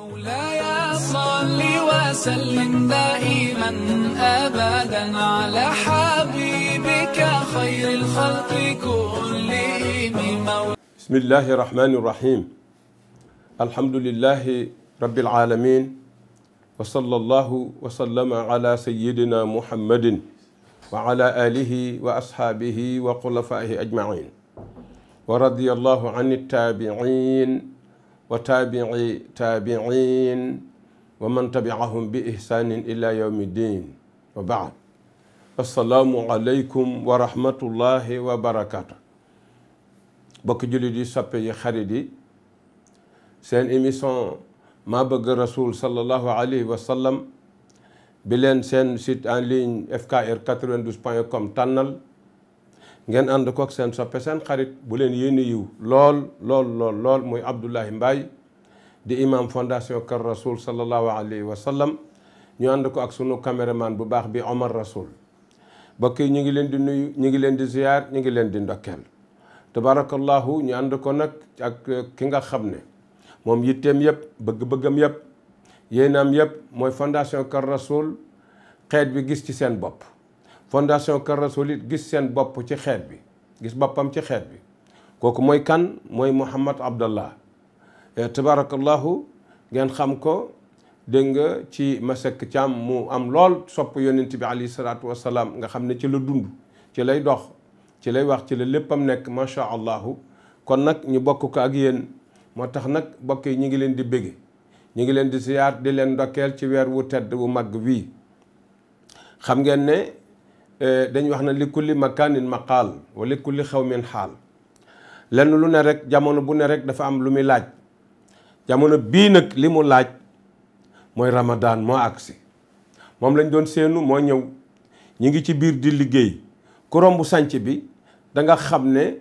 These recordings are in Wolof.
مولاي صل وسلم دائما ابدا على حبيبك خير الخلق كلهم بسم الله الرحمن الرحيم الحمد لله رب العالمين وصلى الله وسلم على سيدنا محمد وعلى اله واصحابه وخلفائه اجمعين ورضي الله عن التابعين wa taabii taabiin wa man tabiahum bi ihsaanin ila yawmi din wa baad assalaamu aleykum wa rahmatullahi wa barakaatu bokk jullit yi soppe yi xarit yi seen émission maa bëgg rasul sallallahu alayhi wa sallam bi leen seen site en ligne fkr 92 point com tànnal ngeen ànd kook seen soppe seen xarit bu leen yéene yiw lool lool lool lool muy Abdoulahi mbaay di imam fondation Kër Rasoul sallallahu alayhi wa sallam ñu ànd ko ak sunu caméraman bu baax bi Omar Rasoul mbokk yi ñu ngi leen di nuyu ñu ngi leen di ziyaar ñu ngi leen di ndokkeel tabarakallahu ñu ànd ko nag ak ki nga xam ne moom yitteem yëpp bëgg-bëggam yëpp yéenaam yëpp mooy fondation Kër Rasoul xeet bi gis ci seen bopp fondation Kër Rassoul gis seen bopp ci xeet bi gis boppam ci xeet bi kooku mooy kan mooy Mouhamad Abdallah eh, tabarakallahu ngeen xam ko dégg nga ci Masek Thiam mu am lool sopp yonent bi alayhi salaatu wasalaam nga xam ne ci la dund ci lay dox ci lay wax ci la léppam nekk macha allahu kon nag ñu bokk ko ak yéen moo tax nag bokk yi ñu ngi leen di bége ñu ngi leen di ziyaar di leen ndokkeel ci weer wu tedd wu mag wii xam ngeen ne Eh, dañuy wax na li kulli makaanin maqaal wa li kulli xawmin xaal lenn lu ne rek jamono bu ne rek dafa am lu muy laaj jamono bii nag li mu laaj mooy ramadaan moo agsi moom lañ doon seenu moo ñëw ñu ngi ci biir di liggéey ku romb sànc bi danga xam ne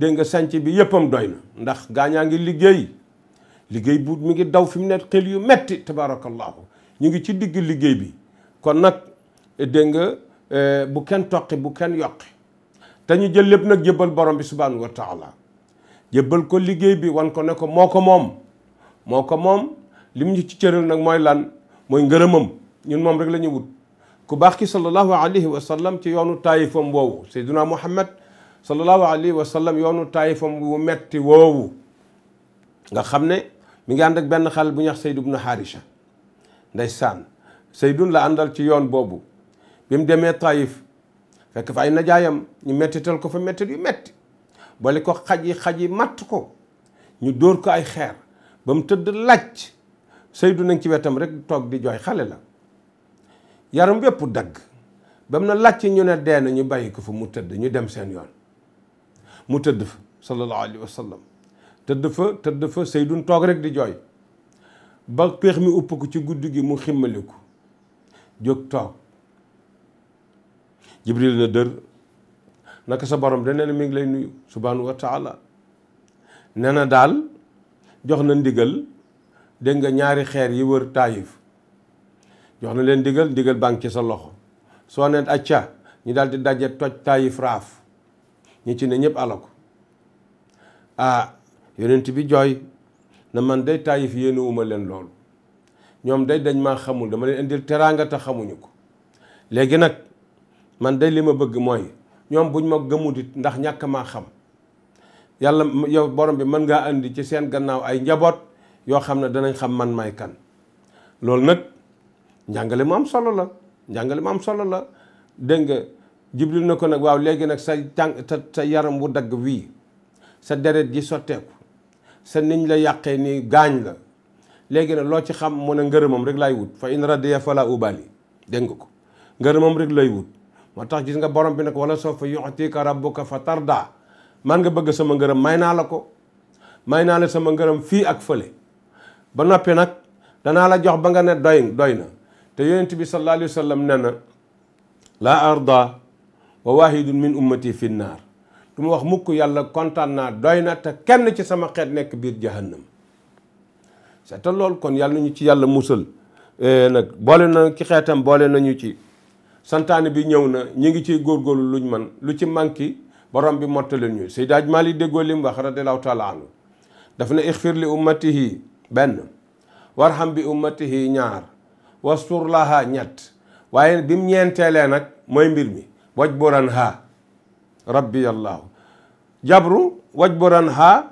dégg nga sànc bi yëppam doy na ndax gaañaa ngi liggéey liggéey bu mu ngi daw fi mu ne xiil yu metti tabaarakallaahu ñu ngi ci digg liggéey bi kon nag eh, dégg Eh, bu kenn toqi bu kenn yoqi te ñu jël lépp nag jébbal borom bi subhanahu wa taala jébbal ko liggéey bi wan ko ne ko moo ko moom moo ko moom li mu ñu ci cëral nag mooy lan mooy ngërëmam ñun moom rek la ñu wut ku baax ki sallallahu alayhi wa sallam ci yoonu taayifam woowu sayduna muhammad sallallahu alayhi wa sallam yoonu taayifam wu metti woowu nga xam ne mi ngi ànd ak benn xal bu ñax saydu ibnu xaarisa ndeysaan saydun la àndal ci yoon boobu bi mu demee Taïf fekk fa ay najaayam ñu mettital ko fa mettit yu metti boole ko xaj yi xaj yi matt ko ñu dóor ko ay xeer ba mu tëdd làcc Seydou nañ ci wetam rek toog di jooy xale la yaram bépp dagg ba mu na làcc ñu ne dee na ñu bàyyi ko fa mu tëdd ñu dem seen yoon mu tëdd fa sallallahu alayhi wa sallam tëdd fa tëdd fa Seydou toog rek di jooy ba péex mi upp ko ci guddi gi mu ximmaliku jóg toog jibril na dër naka sa borom da nee na mi ngi lay nuyu subhaanahu wa taala nee na daal jox na ndigal dégg nga ñaari xeer yi wër taayif jox na leen digal ndigal bànk ci sa loxo soo neen acca ñi daal di daje toj taayif raaf ñi ci ne ñëpp ala ko ah yonent bi jooy na man day taayif yéenewuma leen loolu ñoom dey dañ maa xamul dama leen indil teraanga te xamuñu ko léegi nag man de li ma bëgg mooy ñoom buñ ma gëmut it ndax ñàkk maa xam yàlla yow borom bi mën ngaa indi ci seen gannaaw ay njaboot yoo xam ne danañ xam man may kan loolu nag njàngale mu am solo la njàngale mu am solo la dégg nga jibril na ko nag waaw léegi nag sa tànk sa yaram wu dagg wii sa deret ji sotteeku sa niñ la yàqee ni gaañ la léegi nag loo ci xam mu ne ngërëmam rek laay wut fa in radiya fala ubali dégg nga ko ngërëmam rek lay wut moo tax gis nga borom bi nag wala soo fa yu'tika rabbuka fa tarda man nga bëgg sama ngërëm may naa la ko may naa la sama ngërëm fii ak fële ba noppi nag danaa la jox ba nga ne doy doy na te yonent bi sallallahu alayhi wa sallam ne na laa arda wa wahidun min ummati fi naar du ma wax mukk yàlla kontaan naa doy na te kenn ci sama xeet nekk biir jahannam c'est loolu kon yàlla nañu ci yàlla musal eh, nag boole na ci xeetam boole nañu ci santaane bi ñëw na ñi ngi ciy góorgóorlu luñ man lu ci manqué borom bi mottaleen ñu Seydi Hadji Malick déggoo lim wax radiallahu taala anhu daf ne ixfir li ummatihi benn warham bi ummatihi ñaar wastur ñett waaye bi mu ñeenteelee nag mooy mbir mi waj boran ha rabbi yallaahu jabru waj boran ha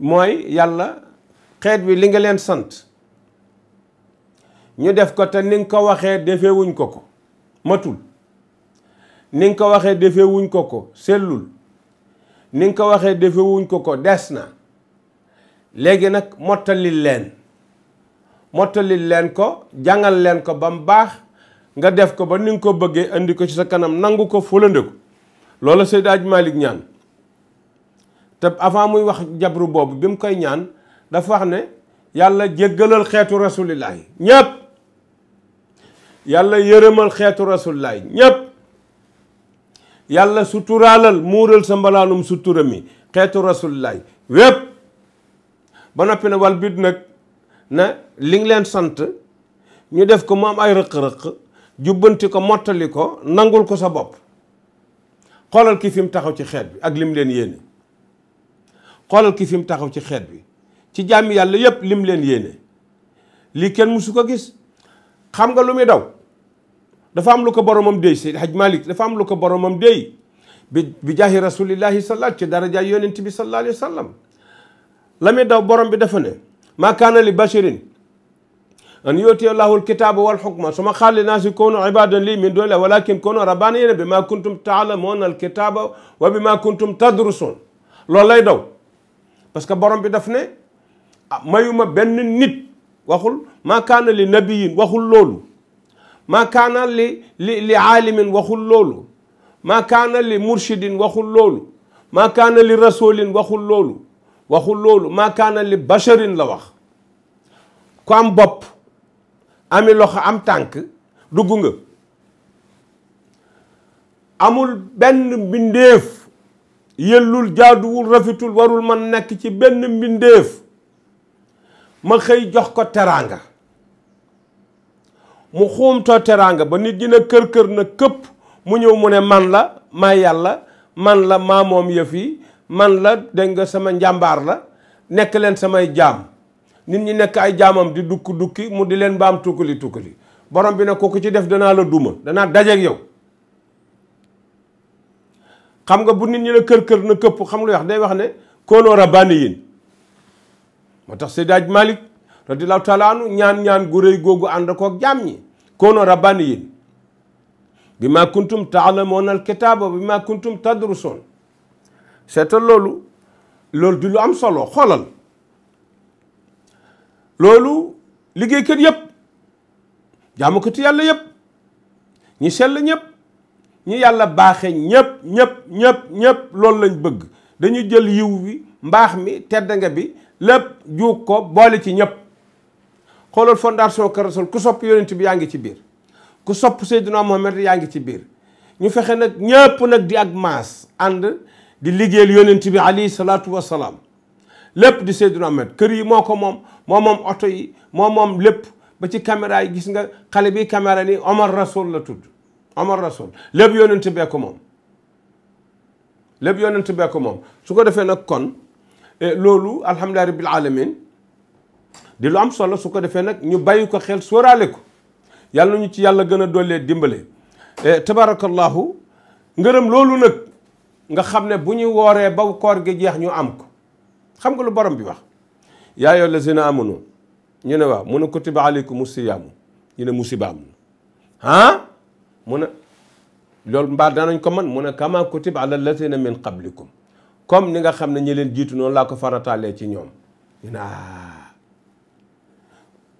mooy yàlla xeet bi li nga leen sant ñu def ko te ni nga ko waxee defeewuñ ko ko matul ni nga ko waxee defee ko ko sellul ni nga ko waxee defee ko ko des na léegi nag mottalil leen mottalil leen ko jàngal leen ko ba mu baax nga def ko ba ni nga ko bëggee indi ko ci sa kanam nangu ko fulande ko loolu Seydi Aj Malick ñaan te avant muy wax jabru boobu bi mu koy ñaan dafa wax ne yàlla jéggalal xeetu rasulillahi ñépp yàlla yërëmal xeetu rasulaay ñépp yàlla suturaalal muural sa mbalaanum sutura mi xeetu rasulullaay wépp ba noppi na wal bit nag na li ngi leen sant ñu def ko mu am ay rëq-rëq jubbanti ko mottali ko nangul ko sa bopp xoolal ki fi mu taxaw ci xeet bi ak lim leen yéene xoolal ki fi mu taxaw ci xeet bi ci jàmm yàlla yépp lim leen yéene lii kenn musu ko gis xam nga lu muy daw dafa am lu ko boromam déy Seydi Haj Malick dafa am lu ko boromam déy bi bi jaahi rasulillahi sallallahu ci daraja yonent bi sallallahu alayhi wa sallam la muy daw borom bi dafa ne maa kaana li basharin an yutiya llahul kitaaba wal hukma summa qaala linnaasi kuunu ibaadan lii min duuni walaakin kuunu rabbaaniyyiina bimaa kuntum ta'lamuuna al kitaaba wa bimaa kuntum tadrusuun loolu lay daw parce que bi daf ne ah, mayuma benn nit waxul maa kaana li nabiyin waxul loolu maa kaana li li li aalimin waxul loolu maa kaana li murshidin waxul loolu maa kaana li rasulin waxul loolu waxul loolu maa kaana li basharin la wax ku am bopp ami loxo am tànk dugg nga amul benn mbindéef yëllul jaaduwul rafetul warul man nekk ci benn mbindéef ma xëy jox ko teraanga mu xuumtoo teraanga ba nit ñi ne kër kër na këpp mu ñëw mu ne man la maa yàlla man la maamoom moom yëf man la dégg nga sama njàmbaar la nekk leen samay jaam nit ñi nekk ay jaamam di dukki dukki mu di leen baam tukkali tukkali borom bi ne ko ku ci def danaa la duma danaa dajeek yow xam nga bu nit ñi ne kër kër na këpp xam lu wax day wax ne koonoo rabbaani yin moo tax Seydi Hadj Malick radiyallahu taala anu ñaan-ñaan gu rëy googu ànd koog jaam ñi koono rabbaniyin bi ma kuntum taalamoona alkitaaba bi ma kuntum tadrusoon seetal loolu loolu di lu am solo xoolal loolu liggéeykat yëpp jaamukati yàlla yëpp ñi sell ñëpp ñi yàlla baaxe ñëpp ñëpp ñëpp ñëpp loolu lañ bëgg dañu jël yiw bi mbaax mi teddanga bi lépp juug ko boole ci ñëpp xoolal fondation Kër Rasul ku sopp yonent bi yaa ngi ci biir ku sopp na Mohamed yaa ngi ci biir ñu fexe nag ñëpp nag di ak maas ànd di liggéeyal yonent bi alayhi salaatu wa salaam lépp di Seydina Mohamed kër yi moo ko moom moo moom oto yi moo moom lépp ba ci caméra yi gis nga xale bi caméra ni Omar Rasoul la tudd Omar Rasoul lépp yonent moom lépp yonent bee ko moom su ko defee nag kon Eh, loolu alhamdulilah rabbil alamin di lu am solo su ko defee nag ñu bàyyi ko xel sóoraale ko yàlla ñu ci yàlla gën a doolee dimbale eh, tabarakallahu ngërëm loolu nag nga xam ne bu ñu wooree ba koor gi jeex ñu am ko xam nga lu borom bi wax yaa ayyuha lazina amanu ñu ne waaw mun ne kutiba alaykumu siyaamu ñu ne musiba am na ah mu ne loolu ko man mu ne kama kutiba ala lazina min qablikum comme ni nga xam ne ñi leen jiitu noonu laa ko farataalee ci ñoom ñu ah.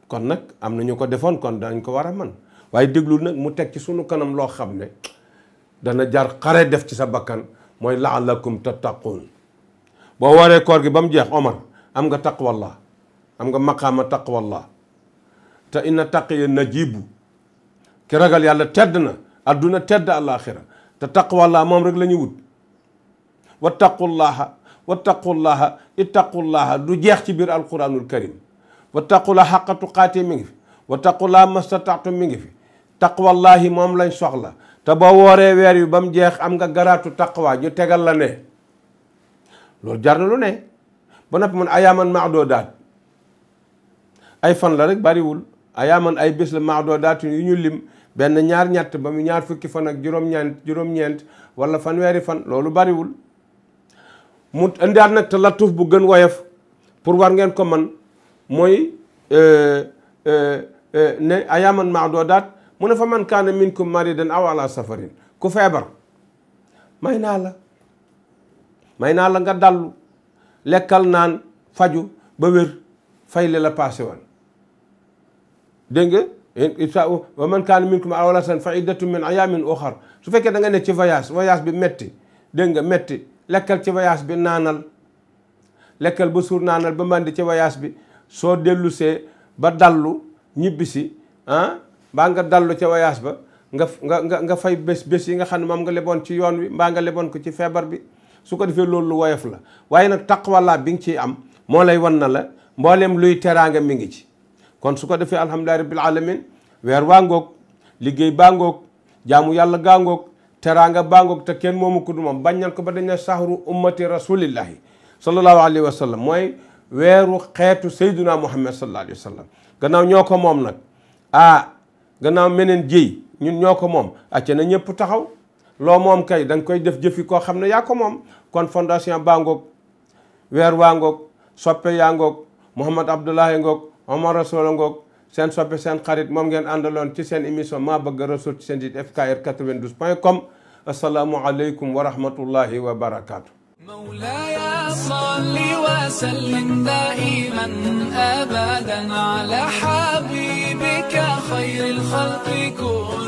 kon nag am na ñu ko defoon kon dañ ko war a man waaye déglul nag mu teg ci sunu kanam loo xam ne dana jar xare def ci sa bakkan mooy la laalakum tattaquun boo waree koor gi ba mu jeex Omar am nga taqwallah am nga a maqaama taqwallah te inna taqiya najibu ki ragal yàlla tedd na adduna tedd àllaaxira te taqwallah moom rek la wut wattaqullaha wattaqullaha ittaqullaha du jeex ci biir alquranul karim wattaqullaha xaqa tuqaati mi ngi fi wattaqullaha mastataatum mi ngi fi taqwallahi moom lañ soxla te boo wooree weer yu ba mu jeex am nga garaatu taqwa ñu tegal la ne loolu jar na lu ne ba noppi man ayaaman maadoo daat ay fan la rek bariwul ayaaman ay bés la maadoo daat yu ñu lim benn ñaar ñett ba mu ñaar fukki fan ak juróom-ñeent juróom-ñeent wala fanweeri fan loolu bariwul mu indiwaat nag te latuuf bu gën woyof pour war ngeen ko man mooy euh, euh, euh, ne ayaman maadoodaat mu ne fa man kaana minkum maridan aw ala safarin ku feebar may naa la may naa la nga dallu lekkal naan faju ba wér fay li la paase woon dégg nga wa man kaana minkum aw ala safarin fa iddatu min ayamin uxar su fekkee da nga ne ci voyage voyage bi metti dégg nga metti lekkal ci voyage bi naanal lekkal ba suur naanal ba màndi ci voyage bi soo dellusee ba dallu ñibbisi ah mbaa nga dallu ca voyage ba nga nga nga fay bés bés yi nga xam ne moom nga leboon ci yoon wi mbaa nga leboon ko ci feebar bi su ko defee loolu lu woyof la waaye nag taqwalaa bi nga ciy am moo lay wan na la mbooleem luy teraanga mi ngi ci kon su ko defee alhamdulilahi rabbil alamin weer waa ngoog liggéey baa ngoog jaamu yàlla gaa ngoog teraanga bàngoog te kenn moom ko du moom baññal ko ba dañ ne sahru ummati rasulillahi sallallahu alayhi wa sallam mooy weeru xeetu sayduna muhammad sallallahu alayhi wa sallam ñoo ko moom nag ah gannaaw meneen jiy ñun ñoo ko moom acca na ñëpp taxaw loo moom kay da nga koy def jëfi koo xam ne yaa ko moom kon fondation bàngoog weer waa ngoog soppe yaa ngoog muhammad abdullahi ngoog omar rasul ngoog seen soppe seen xarit moom ngeen àndaloon ci seen émission maa bëgg rasul ci seen site fkr 92 point com asalaamualeykum wa rahmatullahi wa barakaatu. مولاي صل وسلم دائما ابدا على حبيبك خير الخلق كل